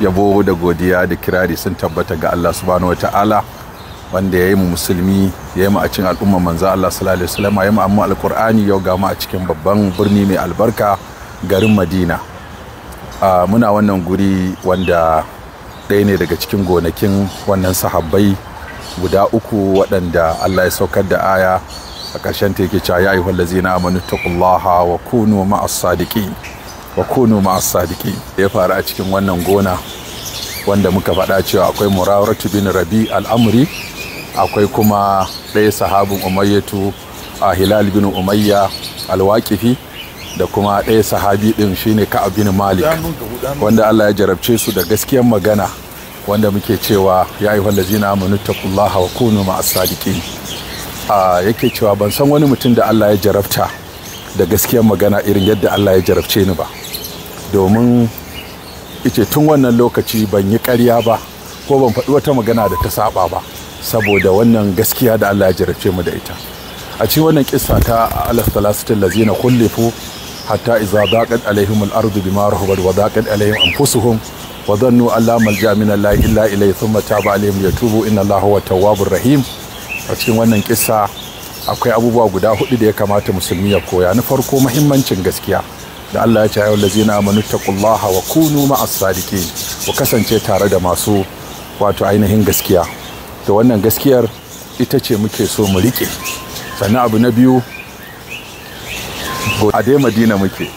yabo da godiya da kirari sun tabbata ga Allah subhanahu wata'ala wanda ya yi mu musulmi ya yi mu a cin al'umma manzo Allah sallallahu alaihi wasallam ya yi mu amma alqur'ani yau ga mu a cikin babban birni mai albarka garin Madina muna wannan guri wanda ɗaya ne daga cikin gonakin wannan sahabbai guda uku waɗanda Allah ya saukar da aya a ƙarshen ta yake cewa ya ayyuhallazina amanu taqullaha wa kunu ma'as sadiqin wa kunu ma'as sadiki ya faru a cikin wannan gona wanda muka faɗa cewa akwai murawaratu bin rabi al'amuri akwai kuma ɗaya sahabin umayyatu a hilal bin umayya alwaƙifi da kuma ɗaya sahabi ɗin shine ka'ab bin malik wanda allah ya jarabce su da gaskiyar magana wanda muke cewa ya yi wallazina amanu taqullaha wa kunu ma'as sadiqin yake cewa ban san wani mutum da allah ya jarabta da gaskiyar magana irin yadda Allah ya jarabce ni ba domin ice tun wannan lokaci ban yi ƙarya ba ko ban faɗi wata magana da ta saba ba saboda wannan gaskiya da Allah ya jarabce mu da ita a cikin wannan kissa ta alas talasitin lazina kullifu hatta iza daqat alaihim al-ardu bima rahabat wa daqat alaihim anfusuhum wa dhannu alla malja min Allah illa ilayhi thumma taba alaihim yatubu inna Allah huwa tawwabur rahim a cikin wannan kissa akwai abubuwa guda hudu da ya kamata musulmi ya koya na farko mahimmancin gaskiya da Allah ya ce ayyul lazina amanu taqullaha wa kunu ma'as sadiqin ku kasance tare da masu wato ainihin gaskiya da wannan gaskiyar ita ce muke so mu rike sannan abu na biyu a dai madina muke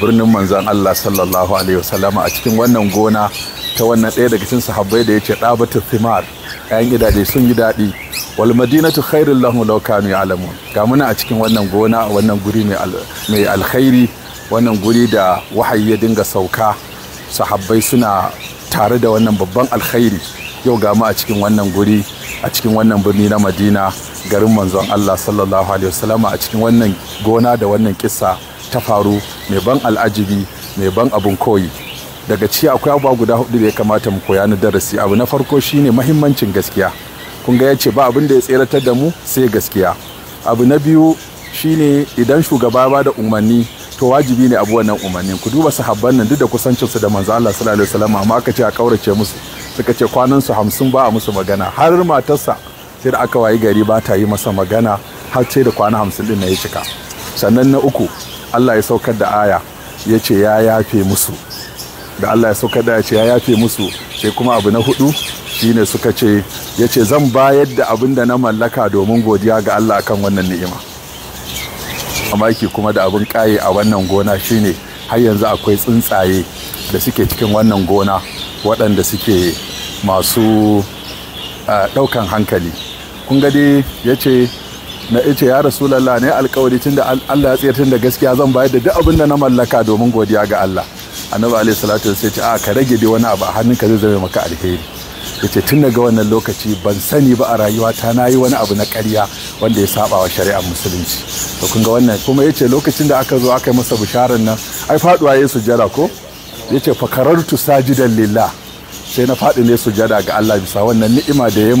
birnin manzon Allah sallallahu alaihi wasallama a cikin wannan gona ta wannan ɗaya daga cikin sahabbai da yace dabatu thimar ƴan gidaje sun yi daɗi wal madinatu khairul lahum law kanu ya'lamun ga muna a cikin wannan gona wannan guri mai alkhairi wannan guri da wahayi ya dinga sauka sahabbai suna tare da wannan babban alkhairi yau ga mu a cikin wannan guri a cikin wannan birni na madina garin manzon allah sallallahu alaihi wasallama a cikin wannan gona da wannan kisa ta faru mai ban al'ajibi mai ban abun koyi daga ci akwai abubuwa guda hudu da ya kamata mu koya na darasi abu na farko shine mahimmancin gaskiya kun ga yace ba abin da ya tseratar da mu sai gaskiya abu na biyu shine idan shugaba ba da umarni to wajibi ne abu wannan umarni ku duba sahabban nan duk da kusancin su da manzo Allah sallallahu alaihi wasallam amma aka ce a kaurace musu suka ce kwanan su 50 ba a musu magana har matarsa sai da aka wayi gari ba ta yi masa magana har sai da kwana 50 din na ya cika sannan na uku Allah ya saukar da aya yace ya yafe musu da Allah ya suka da ya yafe musu sai kuma abu na hudu shine suka ce ya ce zan bayar da abin da na mallaka domin godiya ga Allah akan wannan ni'ima yake kuma da abin kaye a wannan gona shine har yanzu akwai tsuntsaye da suke cikin wannan gona waɗanda suke masu ɗaukan hankali kun gadi ya ce na ice ya rasulallah ne alkawari tun da allah ya tsira tun da gaskiya zan bayar da duk abin da na mallaka domin godiya ga allah annabi alayhi salatu sai ce a ka rage dai wani abu a hannunka zai zama maka alheri yace tun daga wannan lokaci ban sani ba a rayuwa ta nayi wani abu na ƙarya wanda ya saba wa shari'ar musulunci to kun ga wannan kuma yace lokacin da aka zo aka yi masa bisharar nan ai faduwa ya sujjada ko yace fakarartu sajidan lillah sai na faɗi ne sujada ga Allah bisa wannan ni'ima da ya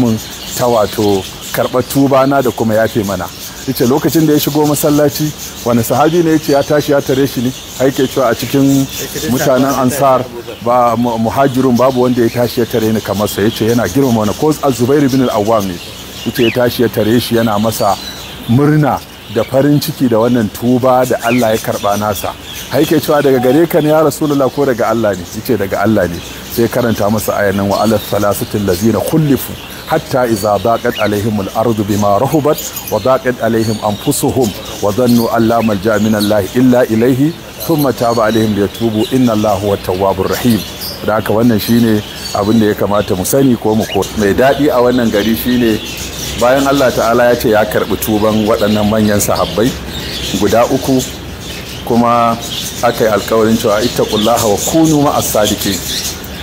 ta wato karɓar tuba na da kuma yafe mana yace lokacin da ya shigo masallaci wani sahabi ne yace ya tashi ya tare shi ne haike cewa a cikin mutanen ansar ba muhajirun babu wanda ya tashi ya tare ni kamar sa yace yana girmama wani ko a zubair ibn al-awwam ne yace ya tashi ya tare shi yana masa murna da farin ciki da wannan tuba da Allah ya karba nasa haike cewa daga gare ka ne ya rasulullah ko daga Allah ne yace daga Allah ne sai karanta masa ayanan wa ala salasatil lazina khulifu hatta iza daqat alaihim al-ardu bima rahubat wa daqat alaihim anfusuhum wa dhannu alla malja min Allah illa ilaihi thumma taba alaihim liyatubu inna Allah huwa tawwabur rahim da wannan shine abin da ya kamata mu sani ko mu ko mai daɗi a wannan gari shine bayan Allah ta'ala ya ce ya karɓi tuban waɗannan manyan sahabbai guda uku kuma aka yi alkawarin cewa ita kullaha wa kunu ma'as sadiki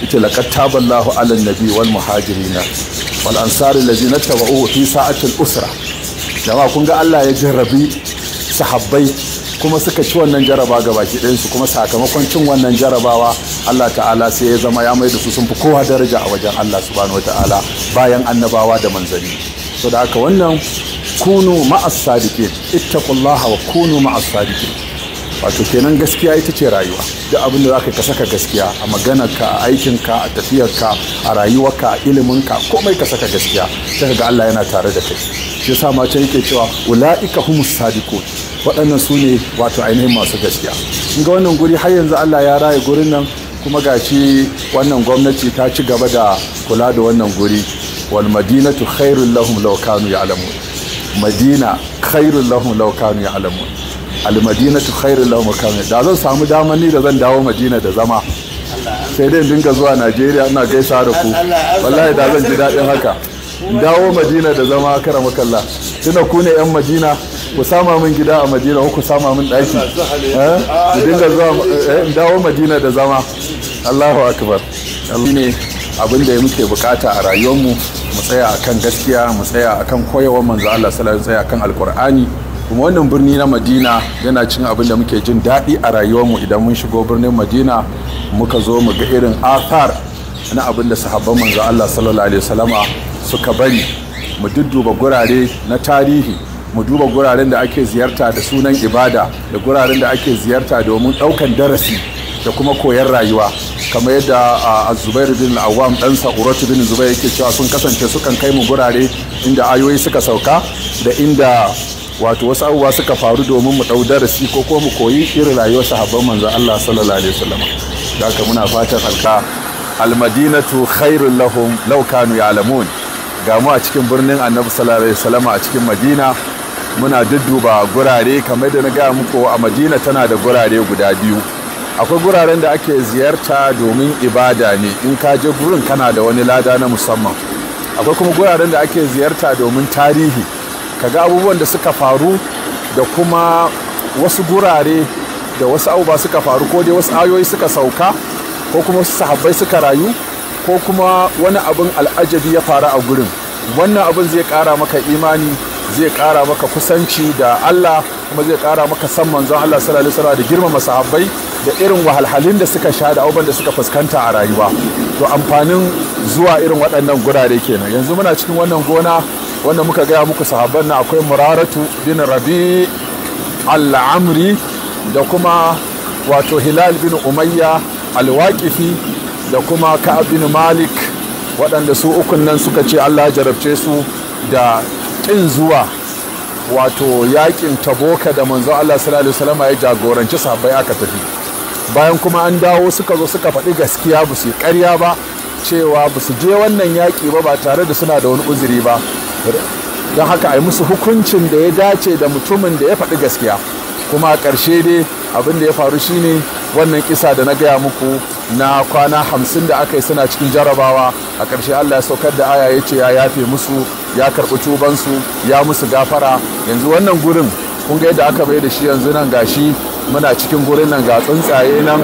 ita laqad taballahu 'alan nabi wal muhajirina. da ansari lazina taba'uhu fi sa'atil usra jama'a kun ga Allah ya jarrabi sahabbai kuma suka ci wannan jaraba ga baki ɗayansu kuma sakamakon cin wannan jarabawa Allah ta'ala sai ya zama ya mai da su sun fi kowa daraja a wajen Allah subhanahu wata'ala bayan annabawa da manzanni so da haka wannan kunu ma'as sadiqin ittaqullaha wa kunu ma'as sadiqin wato kenan gaskiya ita ce rayuwa duk abin da zaka ka saka gaskiya a maganar ka a aikin ka a tafiyar ka a rayuwar ka a ilimin ka komai ka saka gaskiya sai ga Allah yana tare da kai shi yasa ma can yake cewa ulaika humus sadiqu waɗannan su ne wato ainihin masu gaskiya in ga wannan guri har yanzu Allah ya raye gurin nan kuma gashi wannan gwamnati ta ci gaba da kula da wannan guri wal madinatu khairul lahum law kanu ya'lamun madina khairul lahum law kanu ya'lamun almadinatu khairul lahum kamil da zan samu damar ni da zan dawo madina da zama sai dai dinga zuwa najeriya ina gaisa da ku wallahi da zan ji daɗin haka dawo madina da zama kara makalla tuna ku ne yan madina ku sama min gida a madina ku sama min ɗaki ku eh? dinga zuwa eh, dawo madina da zama allahu akbar ne abin da muke bukata a rayuwarmu mu tsaya akan gaskiya mu tsaya akan koyawar manzo Allah sallallahu alaihi wasallam tsaya akan alqur'ani kuma wannan birni na madina yana cin abin da muke jin daɗi a rayuwarmu idan mun shigo birnin madina muka zo mu ga irin athar na abin da sahabban manzo Allah sallallahu alaihi wasallama suka bari mu dudduba gurare na tarihi mu duba guraren da ake ziyarta da sunan ibada da guraren da ake ziyarta domin ɗaukan darasi da kuma koyar rayuwa kamar yadda azubair bin awam ɗansa uratu bin zubair yake cewa sun kasance sukan kai mu gurare inda ayoyi suka sauka da inda wato wasu abubuwa suka faru domin mu ɗau darasi ko ko mu koyi irin rayuwar sahabban manzon Allah sallallahu alaihi wasallam da muna fatan alka almadinatu khairul lahum law kanu ya'lamun ga mu a cikin birnin annabi sallallahu alaihi wasallam a cikin madina muna dudduba gurare kamar da na gaya muku a madina tana da gurare guda biyu akwai guraren da ake ziyarta domin ibada ne in ka je gurin kana da wani lada na musamman akwai kuma guraren da ake ziyarta domin tarihi Ka ga abubuwan da suka faru da kuma wasu gurare da wasu abubuwa suka faru ko dai wasu ayoyi suka sauka ko kuma wasu sahabbai suka rayu ko kuma wani abin al'ajabi ya faru a gurin wannan abin zai kara maka imani zai kara maka kusanci da Allah kuma zai kara maka san manzon Allah sallallahu alaihi wasallam da girmama sahabbai da irin wahalhalun da suka sha da abubuwan da suka fuskanta a rayuwa to amfanin zuwa irin waɗannan gurare kenan yanzu muna cikin wannan gona wanda muka gaya muku sahabban na akwai muraratu bin rabi al'amri da kuma wato hilal bin umayya alwaƙifi da kuma ka'ab bin malik waɗanda su ukun nan suka ce allah jarabce su da ƙin zuwa wato yaƙin taboka da manzo allah sallallahu ya jagoranci sahabbai aka tafi bayan kuma an dawo suka zo suka faɗi gaskiya ba su yi ƙarya ba cewa ba su je wannan yaƙi ba ba tare da suna da wani uzuri ba don haka a yi musu hukuncin da ya dace da mutumin da ya faɗi gaskiya kuma a ƙarshe dai abin da ya faru shine wannan kisa da na gaya muku na kwana hamsin da aka yi suna cikin jarabawa a ƙarshe allah ya saukar da aya ya ce ya yafe musu ya karɓi tubansu ya musu gafara yanzu wannan gurin kun ga yadda aka bai da shi yanzu nan gashi muna cikin gurin nan ga tsuntsaye nan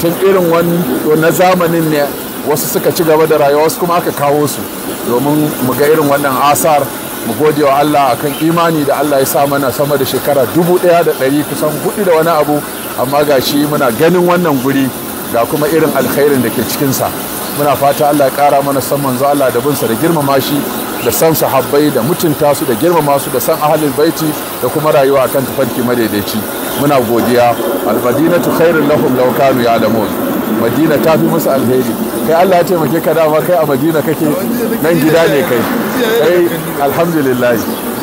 tun irin wani na zamanin ne wasu suka ci gaba da rayuwa wasu kuma aka kawo su domin mu ga irin wannan asar mu gode wa Allah akan imani da Allah ya sa mana sama da shekara dubu ɗaya da ɗari kusan hudu da wani abu amma ga shi muna ganin wannan guri ga kuma irin alkhairin da ke cikinsa muna fata Allah ya ƙara mana san manzo Allah da sa da girmama shi da san sahabbai da mutunta su da girmama su da san ahalin baiti da kuma rayuwa akan tafarki madaidaici muna godiya al-madinatu khairun lahum law kanu ya'lamun madina ta fi musu alheri kai Allah ya taimake ka dama kai a Madina kake nan gida ne kai kai alhamdulillah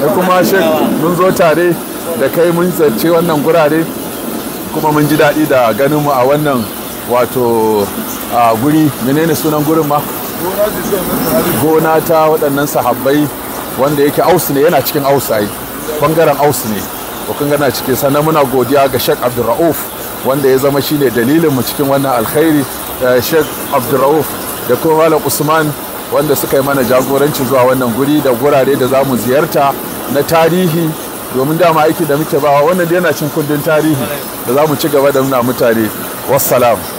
kai kuma shek mun zo tare da kai mun tsarce wannan gurare kuma mun ji daɗi da ganin mu a wannan wato a guri menene sunan gurin ma gona ta waɗannan sahabbai wanda yake aus ne yana cikin aus ai bangaren aus ne kun gana cikin sannan muna godiya ga shek abdulra'uf wanda ya zama shine dalilin mu cikin wannan alkhairi Eh, sheikh abdulrauf da kuma malam usman wanda suka yi mana jagoranci zuwa wannan guri da gurare da za mu ziyarta na tarihi domin dama aiki da muke bawa wannan yana cin kundin tarihi da za mu ci gaba da muna mutane wassalam